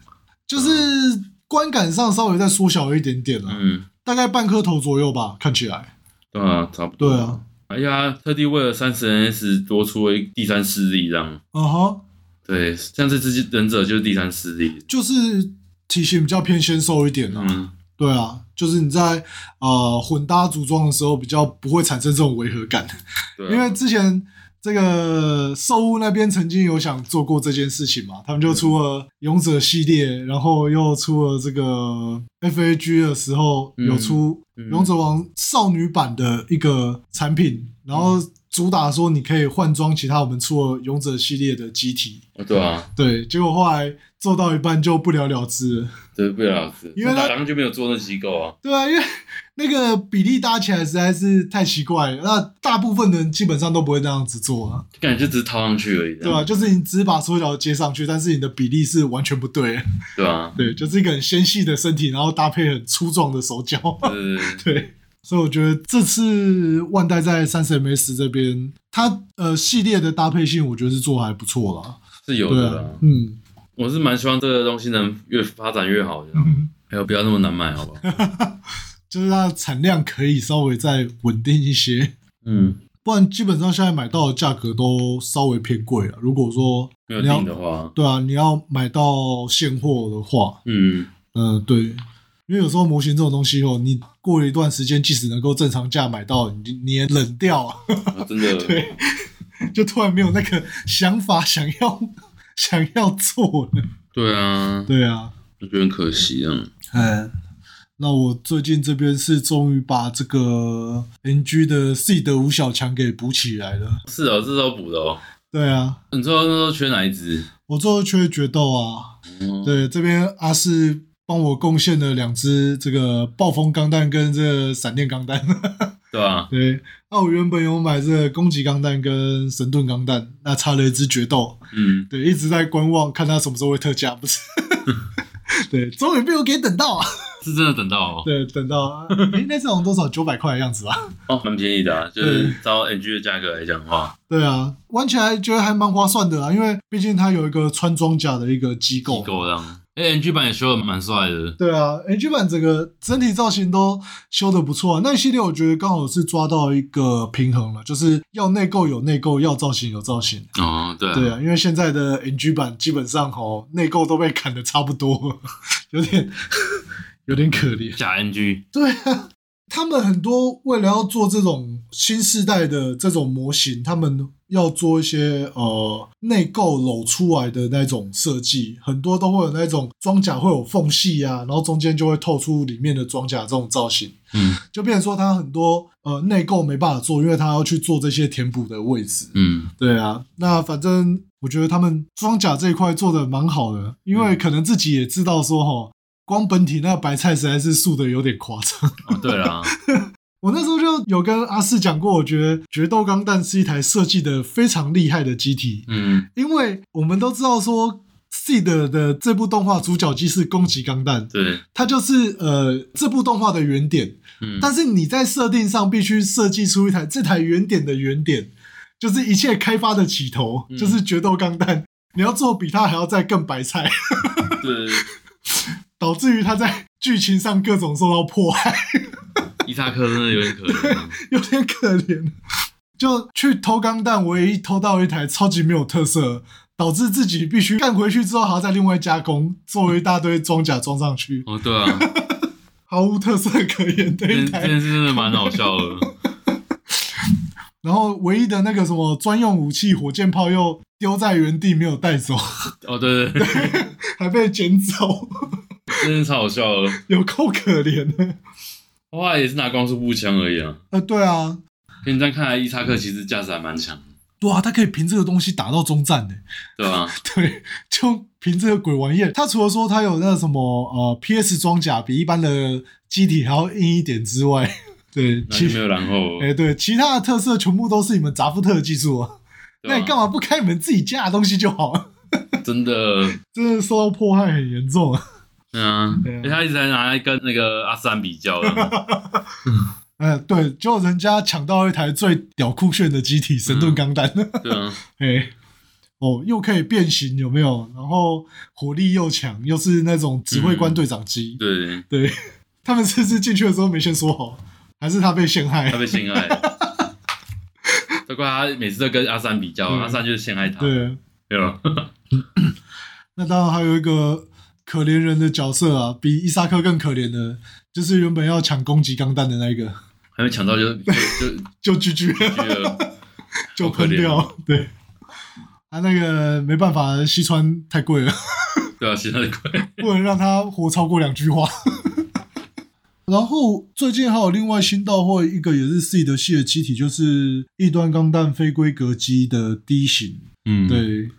就是觀感上稍微再縮小一點點了。嗯，大概半顆頭左右吧，看起來。對啊，差不多。對啊，哎呀，特地為了 30MS 多出了一第三勢力，這樣。啊、uh、哈 -huh。對，像這隻忍者就是第三勢力，就是體型比較偏纖瘦一點、啊、嗯。對啊，就是你在呃混搭組裝的時候，比較不會產生這種違和感。對、啊。 因為之前。這個壽屋那邊曾經有想做過這件事情嘛？他們就出了勇者系列，然後又出了這個 FAG 的時候，有出勇者王少女版的一個產品，然後主打說你可以換裝其他我們出了勇者系列的機體。對啊，對，結果後來做到一半就不了了之了，對，不了了之，因為他們就沒有做那機構啊，對啊，因為。那個比例搭起來實在是太奇怪了，那大部分人基本上都不會那樣子做啊，感覺就只是套上去而已，對吧、啊？就是你只是把手腳接上去，但是你的比例是完全不對，對啊，對，就是一個很纖細的身體，然後搭配很粗壯的手腳，對對，所以我覺得這次萬代在三 C M S 30MS 這邊，它呃系列的搭配性，我覺得是做得還不錯了，是有的，嗯，我是蠻希望這個東西能越發展越好，這樣，還有不要那麼難買，好不好？就是它的產量可以稍微再穩定一些，嗯，不然基本上現在買到的價格都稍微偏貴了。如果說定的話你要，對啊，你要買到現貨的話，嗯嗯、呃，對，因為有時候模型這種東西哦，你過了一段時間即使能夠正常價買到，你也冷掉了，啊，真的對，就突然沒有那個想法想要想要做了，對啊，對啊，就覺得很可惜啊，嗯。那我最近這邊是終於把這個 NG 的 SEED 的五小強給補起來了。是哦，這都補的哦。對啊，你知道這都缺哪一只？我最後缺決鬥啊、哦。對，這邊阿士幫我貢獻了兩只這個暴風鋼彈跟這閃電鋼彈。對啊，對。那我原本有買這個攻擊鋼彈跟神盾鋼彈，那差了一只決鬥。嗯，對，一直在觀望，看他什麼時候會特價，不是？呵呵 對，終於被我給你等到。啊。是真的等到哦？對，等到，哎、欸，那這種多少九百塊的樣子啊，哦，蠻便宜的，啊。就是照 MG 的價格來講的話。對啊，玩起來覺得還蠻划算的啊，因為畢竟它有一個穿裝甲的一個機構。機構這樣，MG、欸、版也修的蠻帥的。對啊，MG 版整個整體造型都修的不錯啊，那系列我覺得剛好是抓到一個平衡了，就是要內構有內構，要造型有造型、欸。哦，對、啊，對啊，因為現在的 MG 版基本上吼內構都被砍的差不多了，有點。有點可憐，假 NG。對啊，他們很多為了要做這種新世代的這種模型，他們要做一些呃內構露出來的那種設計，很多都會有那種裝甲會有縫隙呀、啊，然後中間就會透出裡面的裝甲這種造型。嗯，就變成說他很多呃內構沒辦法做，因為他要去做這些填補的位置。嗯，對啊。那反正我覺得他們裝甲這一塊做的蠻好的，因為可能自己也知道說齁。光本體那個白菜實在是素的有點誇張對啊，對 我那時候就有跟阿士講過，我覺得《決鬥鋼彈》是一台設計的非常厲害的機體。嗯，因為我們都知道說《SEED》的這部動畫主角機是攻擊鋼彈，對，它就是呃這部動畫的原點。嗯，但是你在設定上必須設計出一台這台原點的原點，就是一切開發的起頭，嗯、就是《決鬥鋼彈》。你要做比它還要再更白菜。嗯、對。 導致於他在劇情上各種受到迫害，伊薩克真的有點可憐，有點可憐。 就去偷鋼彈，唯一偷到一台超級沒有特色，導致自己必須幹回去之後還要再另外加工，做一大堆裝甲裝上去。哦，對啊，毫無特色可言，這件事真的真的蠻好笑的。 然後唯一的那個什麼專用武器火箭炮又丟在原地沒有帶走。哦，對對對，對還被撿走。真是超好笑的 有夠可憐的。哇，也是拿光束步槍而已啊、欸。啊，對啊。從你這樣看來，伊薩克其實架勢還蠻強。哇，他可以憑這個東西打到終戰的。對啊 。對，就憑這個鬼玩意，他除了說他有那什麼呃 P S 裝甲比一般的機體還要硬一點之外，對，其實沒有然後、欸。哎，對，其他的特色全部都是你們扎夫特的技術啊。 啊、那你幹嘛不開你們自己架的東西就好？ 真的， 真的受到迫害很嚴重啊。 嗯、啊，人、啊、他一直在拿來跟那個阿三比較有沒有，嗯、 啊，對，就人家搶到一台最屌酷炫的機體、嗯——神盾鋼彈，嘿、啊 欸，哦，又可以變形，有沒有？然後火力又強，又是那種指揮官隊長機、嗯，對對，他們這次進去的時候沒先說好，還是他被陷害？他被陷害，都 怪他每次都跟阿三比較，阿三、啊、就是陷害他，對，對 啊 那當然還有一個。可憐人的角色啊，比伊薩克更可憐的，就是原本要搶攻擊鋼彈的那一個，還沒搶到就就就就 就噴 GG 了 掉可憐了，對，他、啊、那個沒辦法，西川太貴了， 對啊，西川太貴， 不能讓他活超過兩句話。 然後最近還有另外新到貨一個也是 C 的系的機體，就是異端鋼彈非規格機的 D 型，嗯，對。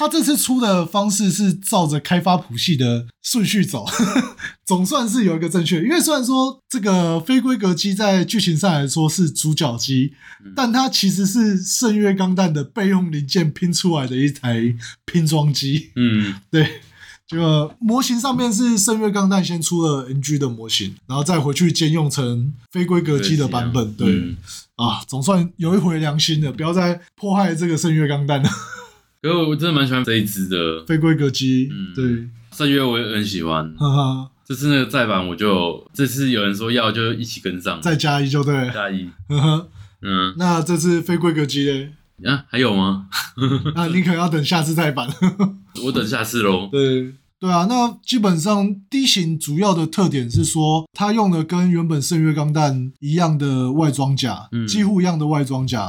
他這次出的方式是照着開發譜系的順序走， 總算是有一個正確。因為雖然說這個非規格機在劇情上來說是主角機，但它其實是聖月鋼彈的備用零件拼出來的一台拼裝機。嗯，嗯，對，這個模型上面是聖月鋼彈先出了 NG 的模型，然後再回去兼用成非規格機的版本。對，啊，總算有一回良心了，不要再迫害這個聖月鋼彈了。可是我真的蠻喜歡這一隻的，飛規格機，嗯，對，上月我也很喜歡，哈哈，這次那個再版我就，這次有人說要就一起跟上，再加一就對，加一，嗯哼，嗯，那這次飛規格機，啊，還有嗎？那、 啊、你可能要等下次再版 我等下次嘍，對。對啊，那基本上 D 型主要的特點是說，它用的跟原本聖月鋼彈一樣的外裝甲，嗯、幾乎一樣的外裝甲。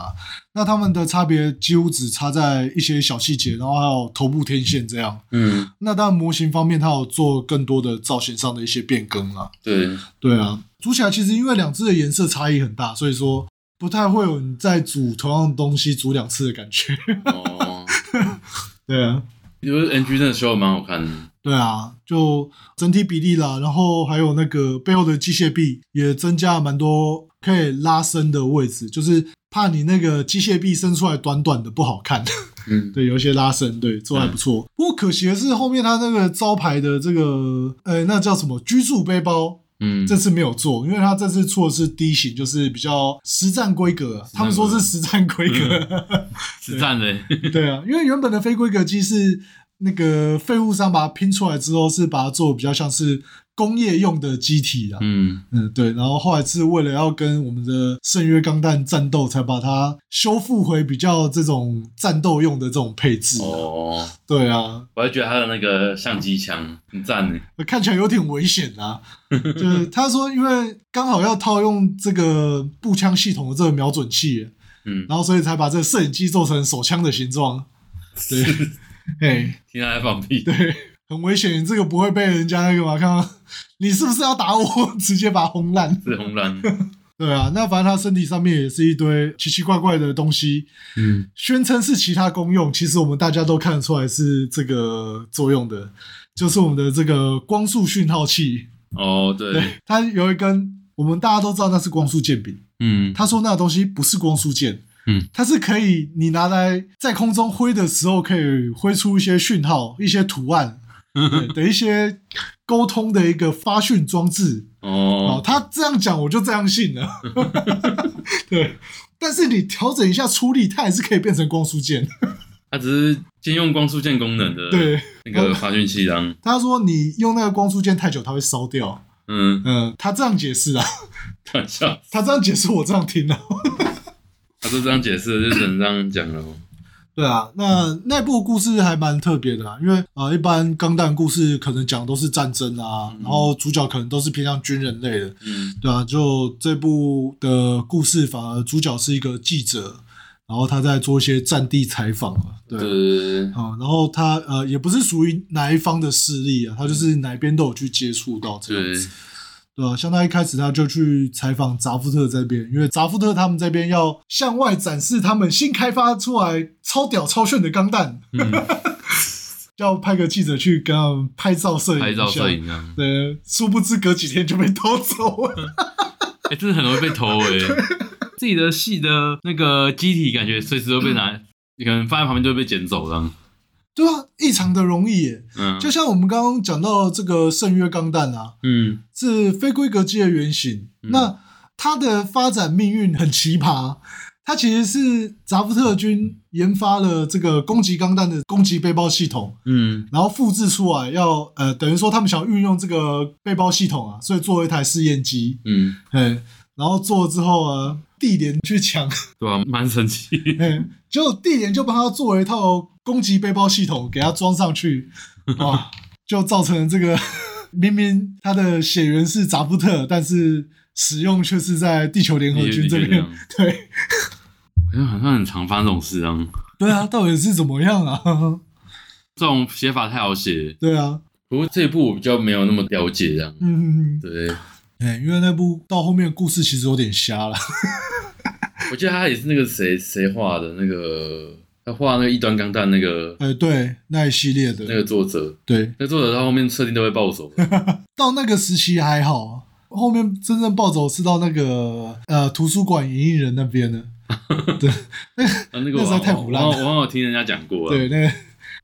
那它們的差別幾乎只差在一些小細節，然後還有頭部天線這樣。嗯，那當然模型方面，它有做更多的造型上的一些變更啊。對對啊，組起來其實因為兩隻的顏色差異很大，所以說不太會有你再組同樣東西組兩次的感覺。哦， 對啊，因為 NG 真的修得蠻好看的。對啊，就整體比例啦，然後還有那個背後的機械臂也增加了蠻多可以拉伸的位置，就是怕你那個機械臂伸出來短短的不好看。嗯， 對，有一些拉伸，對，做還不錯。嗯、不過可惜的是，後面他那個招牌的這個，呃、欸，那叫什麼？居住背包。嗯，這次沒有做，因為他這次出的是 D 型，就是比較實戰規格。規格他們說是實戰規格，嗯、實戰的。 對， 對啊，因為原本的非規格機是。那個廢物商把它拼出來之後，是把它做比較像是工業用的機體啊。嗯嗯，對。然後後來是為了要跟我們的聖約鋼彈戰鬥，才把它修復回比較這種戰鬥用的這種配置。哦，對啊。我還覺得它的那個相機槍很讚呢。看起來有點危險啊。就是他說，因為剛好要套用這個步槍系統的這個瞄準器，嗯，然後所以才把這個攝影機做成手槍的形狀。對。嘿、hey，聽他在放屁，對，很危險。這個不會被人家那個嘛看到，你是不是要打我？直接把它轟爛，是轟爛。 對啊，那反正他身體上面也是一堆奇奇怪怪的東西。嗯，宣稱是其他功用，其實我們大家都看得出來是這個作用的，就是我們的這個光束訊號器。哦，對，它有一根，我們大家都知道那是光束劍柄。嗯，他說那東西不是光束劍。嗯，它是可以你拿來在空中揮的時候，可以揮出一些訊號、一些圖案， 的一些溝通的一個發訊裝置。哦，他這樣講，我就這樣信了。 對，但是你調整一下出力，它還是可以變成光束劍。它只是兼用光束劍功能的，對那個發訊器啊、嗯。他說你用那個光束劍太久，它會燒掉。嗯嗯、呃，他這樣解釋啊，等一下。他這樣解釋，我這樣聽的、啊。是這樣解釋就只能這樣講了。對啊，那那部故事還蠻特別的啦，因為啊、呃，一般鋼彈故事可能講的都是戰爭啊、嗯，然後主角可能都是偏向軍人類的。嗯，對啊，就這部的故事反而主角是一個記者，然後他在做一些戰地採訪、啊、對啊對、嗯，然後他呃也不是屬於哪一方的勢力啊，他就是哪邊都有去接觸到這樣子。對，相當於一開始他就去採訪扎夫特這邊，因為扎夫特他們這邊要向外展示他們新開發出來超屌超炫的鋼彈，嗯、 要派個記者去跟他們拍照攝影拍照攝影啊！對，殊不知隔幾天就被偷走了。哎、 欸，這是很容易被偷哎、欸！自己的戲的那個機體感覺隨時都被拿，你、嗯、可能放在旁邊就會被撿走了。對啊，異常的容易、欸，嗯、uh,，就像我們剛剛講到這個聖約鋼彈啊，嗯，是非規格機的原型、嗯，那它的發展命運很奇葩，它其實是扎夫特軍研發了這個攻擊鋼彈的攻擊背包系統，嗯，然後複製出來要呃，等於說他們想要運用這個背包系統啊，所以做了一台試驗機，嗯嘿，然後做了之後啊。地聯去搶，對啊，蠻神奇、欸。就地聯就幫他做了一套攻擊背包系統，給他裝上去啊，就造成這個明明他的血緣是扎夫特，但是使用卻是在地球聯合軍這邊。對，好像好像很常發這種事啊。對啊，到底是怎麼樣啊？這種寫法太好寫。對啊，不過這一部我比較沒有那麼了解這樣。嗯哼哼，對。哎、欸，因為那部到後面的故事其實有點瞎了。我記得他也是那個誰誰畫的，那個他畫那個異端鋼彈那個，哎、欸、對，那一系列的那個作者，對，那作者到後面設定都會暴走。到那個時期還好啊，後面真正暴走是到那個呃圖書館演藝人那邊呢、 呃那個。對，那個實在太胡鬧了。我好像聽人家講過，對那個。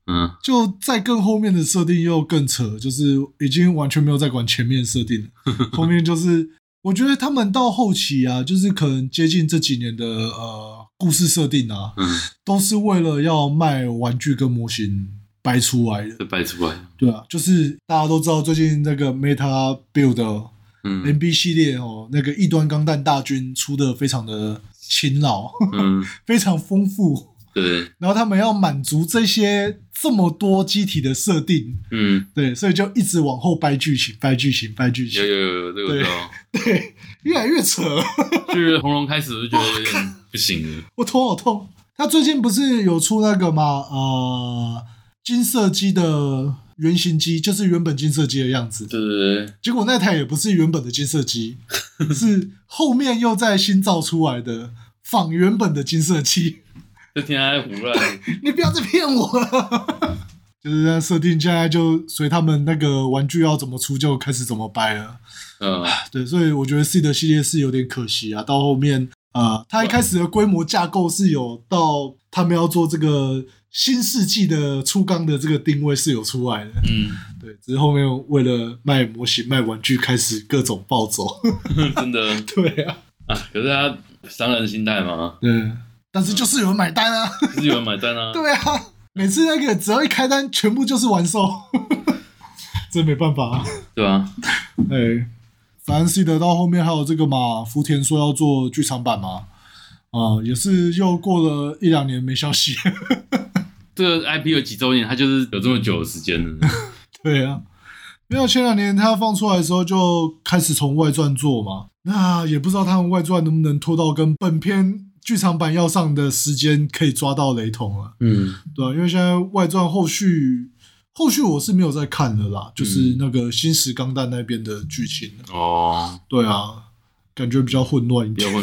嗯，就在更後面的設定又更扯，就是已經完全沒有在管前面設定了。後面就是，我覺得他們到後期啊，就是可能接近這幾年的呃故事設定啊，嗯，都是為了要賣玩具跟模型掰出來的。掰出來，對啊，就是大家都知道最近那個 Meta Build、哦嗯、MB 系列哦，那個異端鋼彈大軍出的非常的勤勞，嗯、 非常豐富。對，對，然後他們要滿足這些這麼多機體的設定，嗯，對，所以就一直往後掰劇情，掰劇情，掰劇情，有有有，有，這個、對，對，越來越扯，就是紅龍開始就覺得有點不行了我，我頭好痛。他最近不是有出那個嘛，呃，金色機的原型機，就是原本金色機的樣子的，對，對對，結果那台也不是原本的金色機， 是後面又再新造出來的，仿原本的金色機。就天還胡亂， 你不要再騙我了。 就是這樣設定，現在就隨他們那個玩具要怎麼出，就開始怎麼掰了。嗯，對，所以我覺得 Seed 系列是有點可惜啊。到後面，呃，它一開始的規模架構是有到他們要做這個新世紀的初鋼的這個定位是有出來的。嗯，對，只是後面為了賣模型賣玩具，開始各種暴走。 真的，對啊，啊，可是他商人的心態嘛，對。但是就是有人買單啊，就是有人買單啊， 對啊， 每次那個只要一開單，全部就是完售， 這沒辦法啊，對啊，哎，反正記得到後面還有這個嘛，福田說要做劇場版嘛，啊，也是又過了一兩年沒消息 ，這個 IP 有幾周年，他就是有這麼久的時間了，對啊，沒有前兩年他放出來的時候就開始從外傳做嘛，那也不知道他們外傳能不能拖到跟本篇。劇場版要上的時間可以抓到雷同了，嗯，嗯，對。因為現在外傳後續後續我是沒有再看了啦，嗯、就是那個新石鋼彈那邊的劇情哦，對啊，感覺比較混亂一,一點，我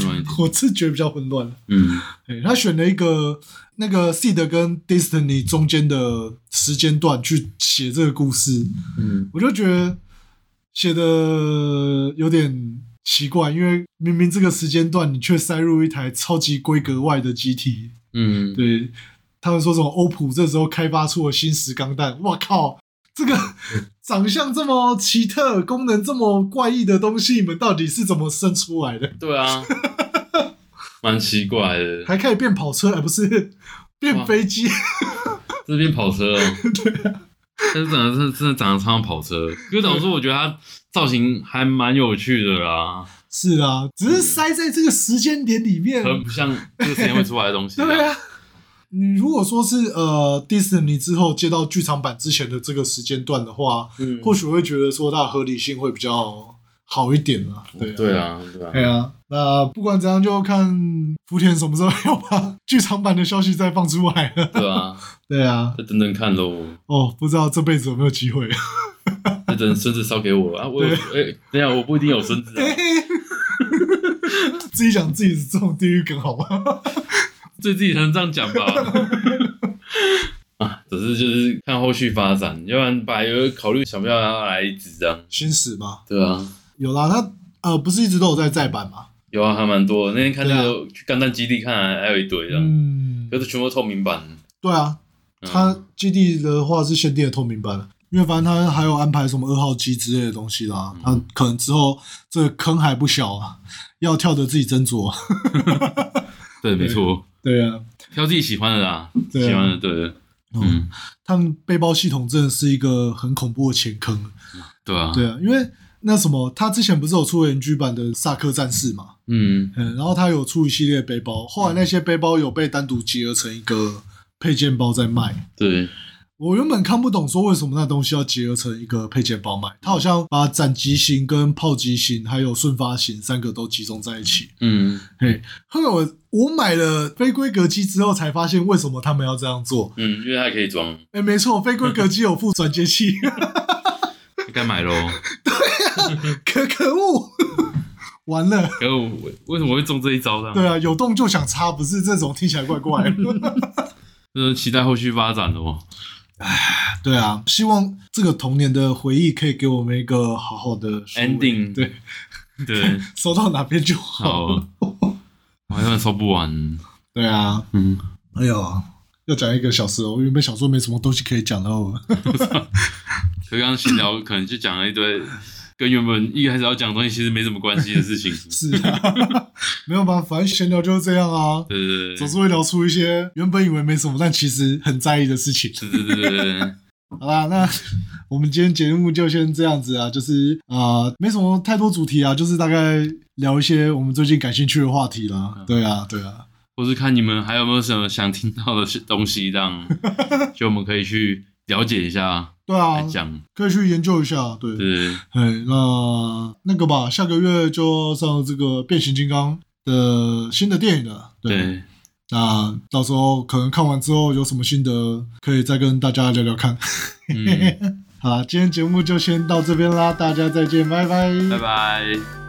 是覺得比較混亂了，嗯、欸，他選了一個那個 SEED 跟 Destiny 中間的時間段去寫這個故事，嗯，我就覺得寫得有點。奇怪，因為明明這個時間段，你卻塞入一台超級規格外的機體。嗯，對，他們說什麼歐普這時候開發出了新石鋼彈。哇靠，這個長相這麼奇特，功能這麼怪異的東西，你們到底是怎麼生出來的？對啊，蠻奇怪的。 還可以變跑車，而，欸，不是變飛機。這是變跑車。 對啊。但、欸、是長得是真的長得超像跑車，因為怎麼說？我覺得它造型還蠻有趣的啦。是啊，只是塞在這個時間點裡面，很、嗯、不像這個時間會出來的東西。對啊，你、嗯、如果說是呃 Disney 之後接到劇場版之前的這個時間段的話，嗯，或許會覺得說它合理性會比較好一點啊。對啊對啊，對啊，對啊。那不管怎樣，就看福田什麼時候要把劇場版的消息再放出來了。對啊。 對啊，再等等看嘍。哦，不知道這輩子有沒有機會。再 等孫子燒給我啊！我也，哎、欸，等下我不一定有孫子、啊。欸、 自己講自己是這種地獄梗，好吧？對自己才能這樣講吧。 啊，只是就是看後續發展，要不然把有考慮想不想來一張？新史吧，對啊，有啦。他呃，不是一直都有在再版嗎？有啊，還蠻多。那天看那個、啊、去鋼彈基地看，還有一堆這樣。嗯，可是全部透明版。對啊。嗯、他基地的話是限定的透明版，因為反正他還有安排什麼二號機之類的東西啦，他可能之後這個坑還不小，啊，要跳的自己斟酌。 對，沒錯，對呀，啊，挑自己喜歡的啦，對啊，喜歡的對，嗯。嗯，他們背包系統真的是一個很恐怖的前坑。對啊，對啊，因為那什麼，他之前不是有出 NG 版的薩克戰士嘛？嗯嗯，然後他有出一系列背包，後來那些背包有被單獨集合成一個。配件包在賣，對，我原本看不懂，說為什麼那東西要結合成一個配件包賣？它好像把斬擊型、跟炮擊型，還有瞬發型三個都集中在一起。嗯，嘿，後來我我買了非規格機之後，才發現為什麼他們要這樣做。嗯，因為它可以裝。哎、欸，沒錯，非規格機有附轉接器，應該 買嘍囉、 啊。可可惡， 完了。可惡，為什麼會中這一招呢？對啊，有洞就想插，不是這種聽起來怪怪的。 就是期待後續發展的哦。哎，對啊，希望這個童年的回憶可以給我們一個好好的 ending 對。對對，說到哪邊就好了。好，我還真的說不完。對啊，嗯，哎呦，要講一個小時，哦，我原本想說沒什麼東西可以講到我，可是剛剛閒聊可能就講了一堆。跟原本一開始要講東西，其實沒什麼關係的事情 ，是，啊，沒有吧？反正閒聊就是這樣啊，對對對，總是會聊出一些原本以為沒什麼，但其實很在意的事情。對對對對對 ，好啦，那我們今天節目就先這樣子啊，就是啊、呃，沒什麼太多主題啊，就是大概聊一些我們最近感興趣的話題啦。對、嗯、啊對啊，或、啊、是看你們還有沒有什麼想聽到的東西讓，這 樣就我們可以去了解一下。對啊，可以去研究一下。對，對那那個吧，下個月就上這個變形金剛的新的電影了。對，對那到時候可能看完之後有什麼心得，可以再跟大家聊聊看。嗯、 好，今天節目就先到這邊啦，大家再見，拜拜，拜拜。